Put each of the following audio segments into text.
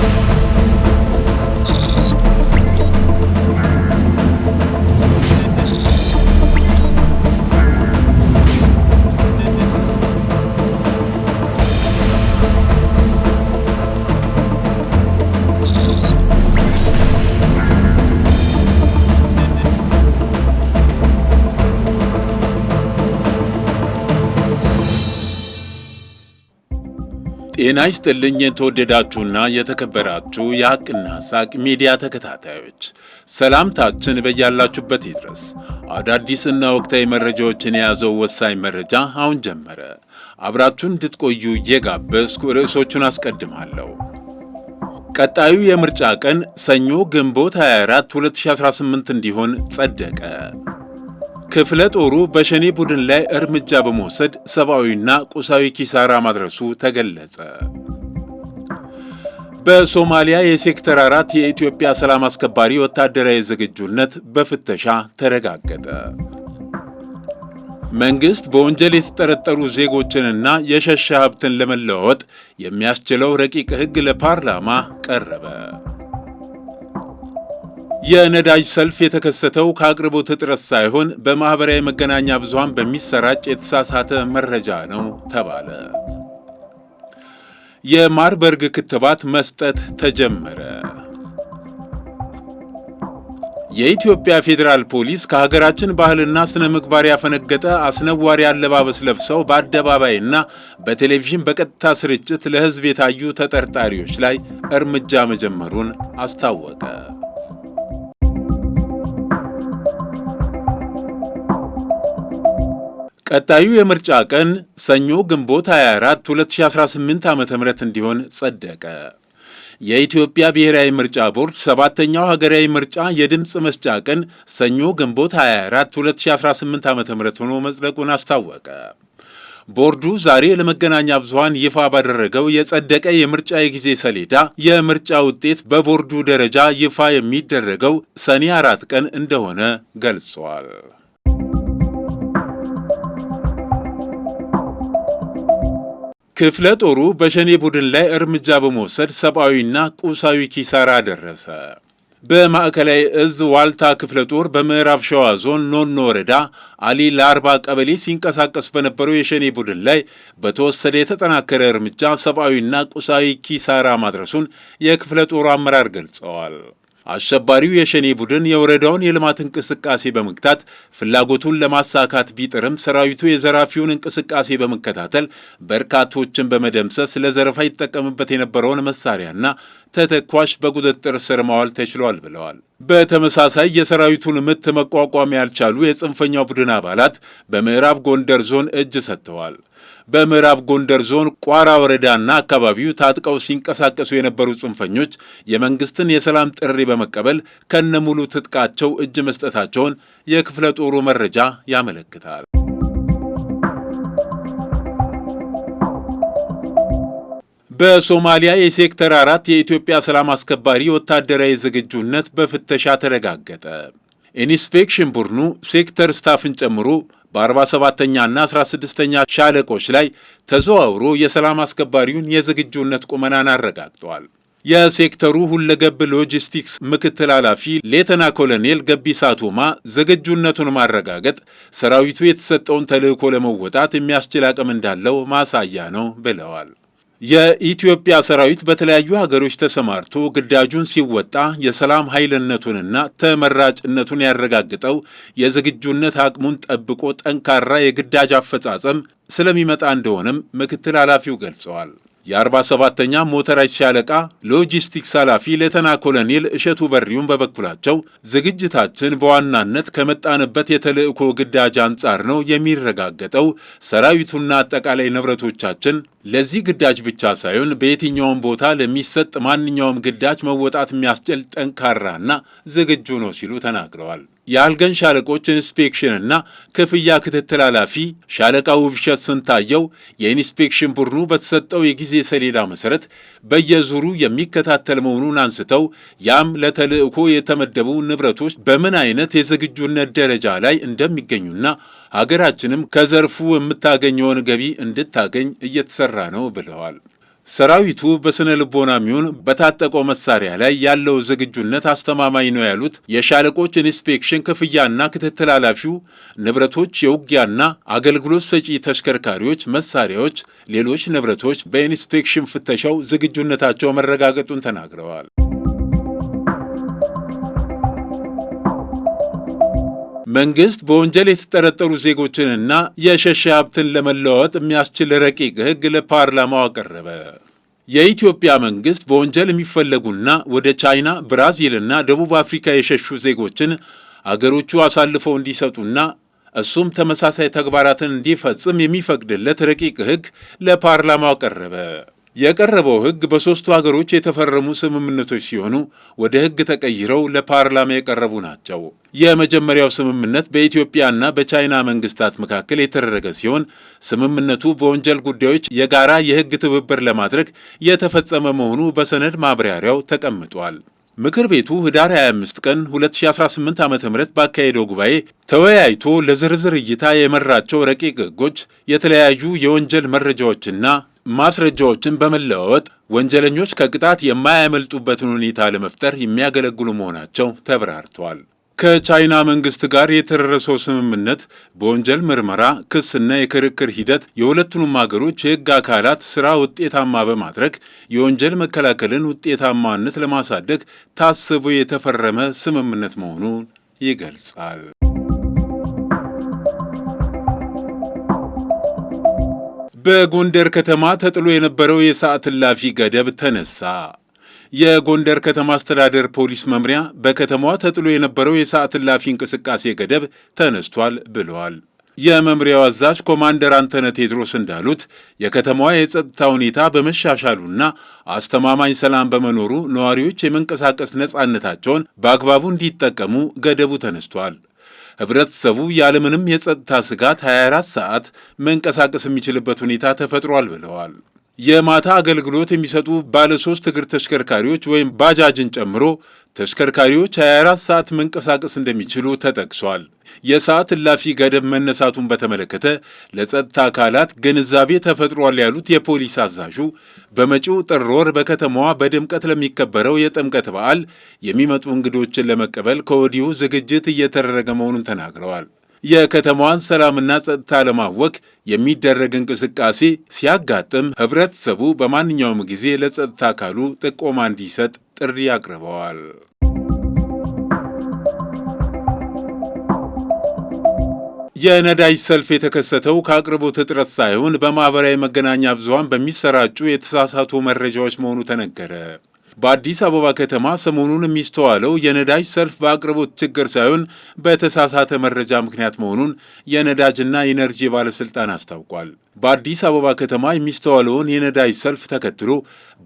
Thank you. ጤና ይስጥልኝ የተወደዳችሁና የተከበራችሁ የሐቅና ሳቅ ሚዲያ ተከታታዮች ሰላምታችን በያላችሁበት ይድረስ። አዳዲስና ወቅታዊ መረጃዎችን የያዘው ወሳኝ መረጃ አሁን ጀመረ። አብራችሁን እንድትቆዩ እየጋበዝኩ ርዕሶቹን አስቀድማለሁ። ቀጣዩ የምርጫ ቀን ሰኞ ግንቦት 24 2018 እንዲሆን ጸደቀ። ክፍለ ጦሩ በሸኔ ቡድን ላይ እርምጃ በመውሰድ ሰብአዊና ቁሳዊ ኪሳራ ማድረሱ ተገለጸ። በሶማሊያ የሴክተር አራት የኢትዮጵያ ሰላም አስከባሪ ወታደራዊ ዝግጁነት በፍተሻ ተረጋገጠ። መንግሥት በወንጀል የተጠረጠሩ ዜጎችንና የሸሸ ሀብትን ለመለዋወጥ የሚያስችለው ረቂቅ ሕግ ለፓርላማ ቀረበ። የነዳጅ ሰልፍ የተከሰተው ከአቅርቦት እጥረት ሳይሆን በማኅበራዊ መገናኛ ብዙሃን በሚሰራጭ የተሳሳተ መረጃ ነው ተባለ። የማርበርግ ክትባት መስጠት ተጀመረ። የኢትዮጵያ ፌዴራል ፖሊስ ከሀገራችን ባህልና ስነ ምግባር ያፈነገጠ አስነዋሪ አለባበስ ለብሰው በአደባባይና በቴሌቪዥን በቀጥታ ስርጭት ለሕዝብ የታዩ ተጠርጣሪዎች ላይ እርምጃ መጀመሩን አስታወቀ። ቀጣዩ የምርጫ ቀን ሰኞ ግንቦት 24 2018 ዓ ም እንዲሆን ጸደቀ። የኢትዮጵያ ብሔራዊ ምርጫ ቦርድ ሰባተኛው ሀገራዊ ምርጫ የድምፅ መስጫ ቀን ሰኞ ግንቦት 24 2018 ዓ ም ሆኖ መጽደቁን አስታወቀ። ቦርዱ ዛሬ ለመገናኛ ብዙሃን ይፋ ባደረገው የጸደቀ የምርጫ የጊዜ ሰሌዳ የምርጫ ውጤት በቦርዱ ደረጃ ይፋ የሚደረገው ሰኔ አራት ቀን እንደሆነ ገልጿል። ክፍለ ጦሩ በሸኔ ቡድን ላይ እርምጃ በመውሰድ ሰብአዊና ቁሳዊ ኪሳራ ደረሰ። በማዕከላዊ እዝ ዋልታ ክፍለ ጦር በምዕራብ ሸዋ ዞን ኖኖ ወረዳ አሊ ለአርባ ቀበሌ ሲንቀሳቀስ በነበረው የሸኔ ቡድን ላይ በተወሰደ የተጠናከረ እርምጃ ሰብአዊና ቁሳዊ ኪሳራ ማድረሱን የክፍለ ጦሩ አመራር ገልጸዋል። አሸባሪው የሸኔ ቡድን የወረዳውን የልማት እንቅስቃሴ በመግታት ፍላጎቱን ለማሳካት ቢጥርም ሰራዊቱ የዘራፊውን እንቅስቃሴ በመከታተል በርካቶችን በመደምሰስ ለዘረፋ ይጠቀምበት የነበረውን መሳሪያና ተተኳሽ በቁጥጥር ስር ማዋል ተችሏል ብለዋል። በተመሳሳይ የሰራዊቱን ምት መቋቋም ያልቻሉ የጽንፈኛው ቡድን አባላት በምዕራብ ጎንደር ዞን እጅ ሰጥተዋል። በምዕራብ ጎንደር ዞን ቋራ ወረዳና አካባቢው ታጥቀው ሲንቀሳቀሱ የነበሩ ጽንፈኞች የመንግስትን የሰላም ጥሪ በመቀበል ከነሙሉ ትጥቃቸው እጅ መስጠታቸውን የክፍለ ጦሩ መረጃ ያመለክታል። በሶማሊያ የሴክተር አራት የኢትዮጵያ ሰላም አስከባሪ ወታደራዊ ዝግጁነት በፍተሻ ተረጋገጠ። ኢንስፔክሽን ቡድኑ ሴክተር ስታፍን ጨምሮ በ47ተኛና 16ተኛ ሻለቆች ላይ ተዘዋውሮ የሰላም አስከባሪውን የዝግጁነት ቁመናን አረጋግጠዋል። የሴክተሩ ሁለገብ ሎጂስቲክስ ምክትል ኃላፊ ሌተና ኮሎኔል ገቢሳ ቱማ ዝግጁነቱን ማረጋገጥ ሰራዊቱ የተሰጠውን ተልዕኮ ለመወጣት የሚያስችል አቅም እንዳለው ማሳያ ነው ብለዋል። የኢትዮጵያ ሰራዊት በተለያዩ ሀገሮች ተሰማርቶ ግዳጁን ሲወጣ የሰላም ኃይልነቱንና ተመራጭነቱን ያረጋግጠው የዝግጁነት አቅሙን ጠብቆ ጠንካራ የግዳጅ አፈጻጸም ስለሚመጣ እንደሆነም ምክትል ኃላፊው ገልጸዋል። የ47ተኛ ሻለቃ ሎጂስቲክስ ኃላፊ ሌተና ኮሎኔል እሸቱ በሪውን በበኩላቸው ዝግጅታችን በዋናነት ከመጣንበት የተልእኮ ግዳጅ አንጻር ነው የሚረጋገጠው። ሰራዊቱና አጠቃላይ ንብረቶቻችን ለዚህ ግዳጅ ብቻ ሳይሆን በየትኛውም ቦታ ለሚሰጥ ማንኛውም ግዳጅ መወጣት የሚያስችል ጠንካራና ዝግጁ ነው ሲሉ ተናግረዋል። የአልገን ሻለቆች ኢንስፔክሽንና ክፍያ ክትትል ኃላፊ ሻለቃ ውብሸት ስንታየው የኢንስፔክሽን ቡድኑ በተሰጠው የጊዜ ሰሌዳ መሠረት በየዙሩ የሚከታተል መሆኑን አንስተው ያም ለተልዕኮ የተመደቡ ንብረቶች በምን አይነት የዝግጁነት ደረጃ ላይ እንደሚገኙና ሀገራችንም ከዘርፉ የምታገኘውን ገቢ እንድታገኝ እየተሰራ ነው ብለዋል። ሰራዊቱ በስነ ልቦና ሚሆን በታጠቀው መሳሪያ ላይ ያለው ዝግጁነት አስተማማኝ ነው ያሉት የሻለቆች ኢንስፔክሽን ክፍያና ክትትል ኃላፊው ንብረቶች፣ የውጊያና አገልግሎት ሰጪ ተሽከርካሪዎች፣ መሳሪያዎች፣ ሌሎች ንብረቶች በኢንስፔክሽን ፍተሻው ዝግጁነታቸው መረጋገጡን ተናግረዋል። መንግስት በወንጀል የተጠረጠሩ ዜጎችንና የሸሸ ሀብትን ለመለዋወጥ የሚያስችል ረቂቅ ህግ ለፓርላማው አቀረበ። የኢትዮጵያ መንግስት በወንጀል የሚፈለጉና ወደ ቻይና፣ ብራዚልና ደቡብ አፍሪካ የሸሹ ዜጎችን አገሮቹ አሳልፈው እንዲሰጡና እሱም ተመሳሳይ ተግባራትን እንዲፈጽም የሚፈቅድለት ረቂቅ ህግ ለፓርላማው ቀረበ። የቀረበው ሕግ በሦስቱ አገሮች የተፈረሙ ስምምነቶች ሲሆኑ ወደ ሕግ ተቀይረው ለፓርላማ የቀረቡ ናቸው። የመጀመሪያው ስምምነት በኢትዮጵያና በቻይና መንግስታት መካከል የተደረገ ሲሆን ስምምነቱ በወንጀል ጉዳዮች የጋራ የሕግ ትብብር ለማድረግ የተፈጸመ መሆኑ በሰነድ ማብራሪያው ተቀምጧል። ምክር ቤቱ ህዳር 25 ቀን 2018 ዓ ም ባካሄደው ጉባኤ ተወያይቶ ለዝርዝር እይታ የመራቸው ረቂቅ ህጎች የተለያዩ የወንጀል መረጃዎችና ማስረጃዎችን በመለዋወጥ ወንጀለኞች ከቅጣት የማያመልጡበትን ሁኔታ ለመፍጠር የሚያገለግሉ መሆናቸው ተብራርተዋል። ከቻይና መንግስት ጋር የተደረሰው ስምምነት በወንጀል ምርመራ ክስና የክርክር ሂደት የሁለቱንም ሀገሮች የሕግ አካላት ስራ ውጤታማ በማድረግ የወንጀል መከላከልን ውጤታማነት ለማሳደግ ታስቦ የተፈረመ ስምምነት መሆኑን ይገልጻል። በጎንደር ከተማ ተጥሎ የነበረው የሰዓት እላፊ ገደብ ተነሳ። የጎንደር ከተማ አስተዳደር ፖሊስ መምሪያ በከተማዋ ተጥሎ የነበረው የሰዓት እላፊ እንቅስቃሴ ገደብ ተነስቷል ብለዋል። የመምሪያው አዛዥ ኮማንደር አንተነ ቴድሮስ እንዳሉት የከተማዋ የጸጥታ ሁኔታ በመሻሻሉና አስተማማኝ ሰላም በመኖሩ ነዋሪዎች የመንቀሳቀስ ነፃነታቸውን በአግባቡ እንዲጠቀሙ ገደቡ ተነስቷል። ህብረተሰቡ ያለምንም የጸጥታ ስጋት 24 ሰዓት መንቀሳቀስ የሚችልበት ሁኔታ ተፈጥሯል ብለዋል። የማታ አገልግሎት የሚሰጡ ባለሶስት እግር ተሽከርካሪዎች ወይም ባጃጅን ጨምሮ ተሽከርካሪዎች 24 ሰዓት መንቀሳቀስ እንደሚችሉ ተጠቅሷል። የሰዓት እላፊ ገደብ መነሳቱን በተመለከተ ለጸጥታ አካላት ግንዛቤ ተፈጥሯል ያሉት የፖሊስ አዛዡ በመጪው ጥር ወር በከተማዋ በድምቀት ለሚከበረው የጥምቀት በዓል የሚመጡ እንግዶችን ለመቀበል ከወዲሁ ዝግጅት እየተደረገ መሆኑን ተናግረዋል። የከተማዋን ሰላምና ጸጥታ ለማወክ የሚደረግ እንቅስቃሴ ሲያጋጥም ህብረተሰቡ በማንኛውም ጊዜ ለጸጥታ አካሉ ጥቆማ እንዲሰጥ ጥሪ አቅርበዋል። የነዳጅ ሰልፍ የተከሰተው ከአቅርቦት እጥረት ሳይሆን በማኅበራዊ መገናኛ ብዙሃን በሚሰራጩ የተሳሳቱ መረጃዎች መሆኑ ተነገረ። በአዲስ አበባ ከተማ ሰሞኑን የሚስተዋለው የነዳጅ ሰልፍ በአቅርቦት ችግር ሳይሆን በተሳሳተ መረጃ ምክንያት መሆኑን የነዳጅና የኢነርጂ ባለስልጣን አስታውቋል። በአዲስ አበባ ከተማ የሚስተዋለውን የነዳጅ ሰልፍ ተከትሎ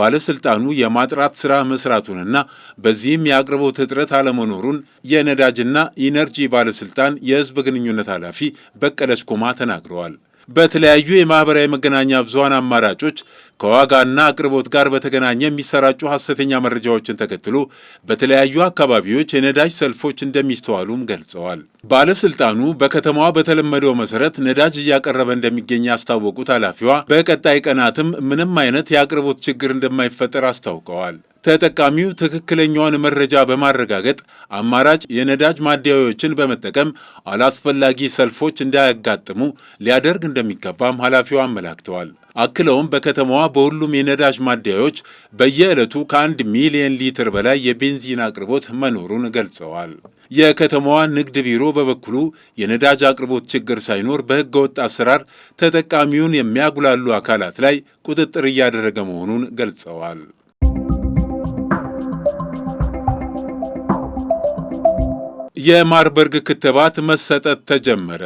ባለስልጣኑ የማጥራት ስራ መስራቱንና በዚህም የአቅርቦት እጥረት አለመኖሩን የነዳጅና ኢነርጂ ባለስልጣን የህዝብ ግንኙነት ኃላፊ በቀለች ኩማ ተናግረዋል። በተለያዩ የማኅበራዊ መገናኛ ብዙሃን አማራጮች ከዋጋና አቅርቦት ጋር በተገናኘ የሚሰራጩ ሐሰተኛ መረጃዎችን ተከትሎ በተለያዩ አካባቢዎች የነዳጅ ሰልፎች እንደሚስተዋሉም ገልጸዋል። ባለስልጣኑ በከተማዋ በተለመደው መሰረት ነዳጅ እያቀረበ እንደሚገኝ ያስታወቁት ኃላፊዋ በቀጣይ ቀናትም ምንም አይነት የአቅርቦት ችግር እንደማይፈጠር አስታውቀዋል። ተጠቃሚው ትክክለኛውን መረጃ በማረጋገጥ አማራጭ የነዳጅ ማደያዎችን በመጠቀም አላስፈላጊ ሰልፎች እንዳያጋጥሙ ሊያደርግ እንደሚገባም ኃላፊው አመላክተዋል። አክለውም በከተማዋ በሁሉም የነዳጅ ማደያዎች በየዕለቱ ከአንድ ሚሊየን ሊትር በላይ የቤንዚን አቅርቦት መኖሩን ገልጸዋል። የከተማዋ ንግድ ቢሮ በበኩሉ የነዳጅ አቅርቦት ችግር ሳይኖር በሕገወጥ አሰራር ተጠቃሚውን የሚያጉላሉ አካላት ላይ ቁጥጥር እያደረገ መሆኑን ገልጸዋል። የማርበርግ ክትባት መሰጠት ተጀመረ።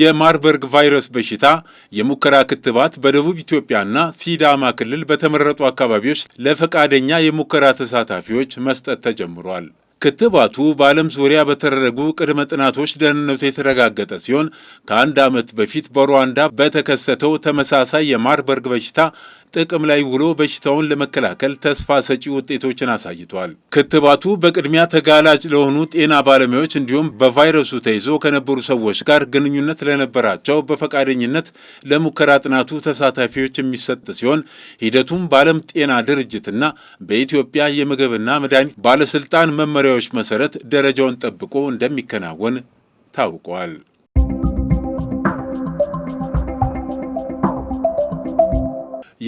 የማርበርግ ቫይረስ በሽታ የሙከራ ክትባት በደቡብ ኢትዮጵያና ሲዳማ ክልል በተመረጡ አካባቢዎች ለፈቃደኛ የሙከራ ተሳታፊዎች መስጠት ተጀምሯል። ክትባቱ በዓለም ዙሪያ በተደረጉ ቅድመ ጥናቶች ደህንነቱ የተረጋገጠ ሲሆን ከአንድ ዓመት በፊት በሩዋንዳ በተከሰተው ተመሳሳይ የማርበርግ በሽታ ጥቅም ላይ ውሎ በሽታውን ለመከላከል ተስፋ ሰጪ ውጤቶችን አሳይቷል። ክትባቱ በቅድሚያ ተጋላጭ ለሆኑ ጤና ባለሙያዎች እንዲሁም በቫይረሱ ተይዞ ከነበሩ ሰዎች ጋር ግንኙነት ለነበራቸው በፈቃደኝነት ለሙከራ ጥናቱ ተሳታፊዎች የሚሰጥ ሲሆን ሂደቱም በዓለም ጤና ድርጅትና በኢትዮጵያ የምግብና መድኃኒት ባለስልጣን መመሪያዎች መሰረት ደረጃውን ጠብቆ እንደሚከናወን ታውቋል።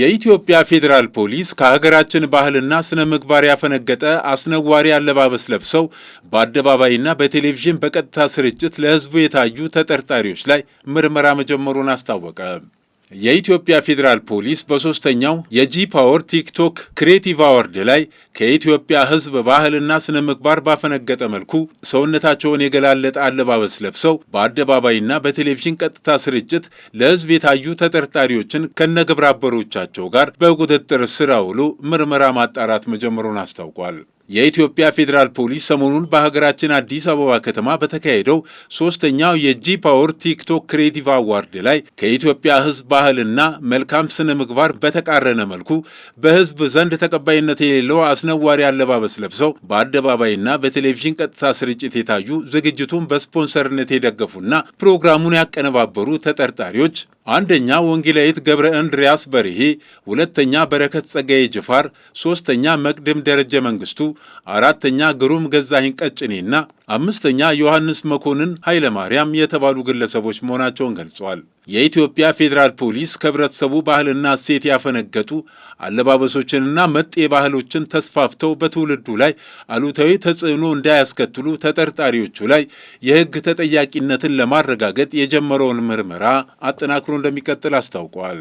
የኢትዮጵያ ፌዴራል ፖሊስ ከሀገራችን ባህልና ስነ ምግባር ያፈነገጠ አስነዋሪ አለባበስ ለብሰው በአደባባይና በቴሌቪዥን በቀጥታ ስርጭት ለሕዝቡ የታዩ ተጠርጣሪዎች ላይ ምርመራ መጀመሩን አስታወቀ። የኢትዮጵያ ፌዴራል ፖሊስ በሦስተኛው የጂ ፓወር ቲክቶክ ክሬቲቭ አዋርድ ላይ ከኢትዮጵያ ሕዝብ ባህልና ስነ ምግባር ባፈነገጠ መልኩ ሰውነታቸውን የገላለጠ አለባበስ ለብሰው በአደባባይና በቴሌቪዥን ቀጥታ ስርጭት ለሕዝብ የታዩ ተጠርጣሪዎችን ከነግብራበሮቻቸው አበሮቻቸው ጋር በቁጥጥር ስር አውሎ ምርመራ ማጣራት መጀመሩን አስታውቋል። የኢትዮጵያ ፌዴራል ፖሊስ ሰሞኑን በሀገራችን አዲስ አበባ ከተማ በተካሄደው ሶስተኛው የጂ ፓወር ቲክቶክ ክሬቲቭ አዋርድ ላይ ከኢትዮጵያ ሕዝብ ባህልና መልካም ስነ ምግባር በተቃረነ መልኩ በሕዝብ ዘንድ ተቀባይነት የሌለው አስነዋሪ አለባበስ ለብሰው በአደባባይና በቴሌቪዥን ቀጥታ ስርጭት የታዩ ዝግጅቱን በስፖንሰርነት የደገፉና ፕሮግራሙን ያቀነባበሩ ተጠርጣሪዎች አንደኛ ወንጌላዊት ገብረ እንድሪያስ በርሄ፣ ሁለተኛ በረከት ጸጋዬ ጅፋር፣ ሶስተኛ መቅድም ደረጀ መንግስቱ አራተኛ ግሩም ገዛኸኝ ቀጭኔና አምስተኛ ዮሐንስ መኮንን ኃይለ ማርያም የተባሉ ግለሰቦች መሆናቸውን ገልጿል። የኢትዮጵያ ፌዴራል ፖሊስ ከህብረተሰቡ ባህልና እሴት ያፈነገጡ አለባበሶችንና መጤ ባህሎችን ተስፋፍተው በትውልዱ ላይ አሉታዊ ተጽዕኖ እንዳያስከትሉ ተጠርጣሪዎቹ ላይ የህግ ተጠያቂነትን ለማረጋገጥ የጀመረውን ምርመራ አጠናክሮ እንደሚቀጥል አስታውቋል።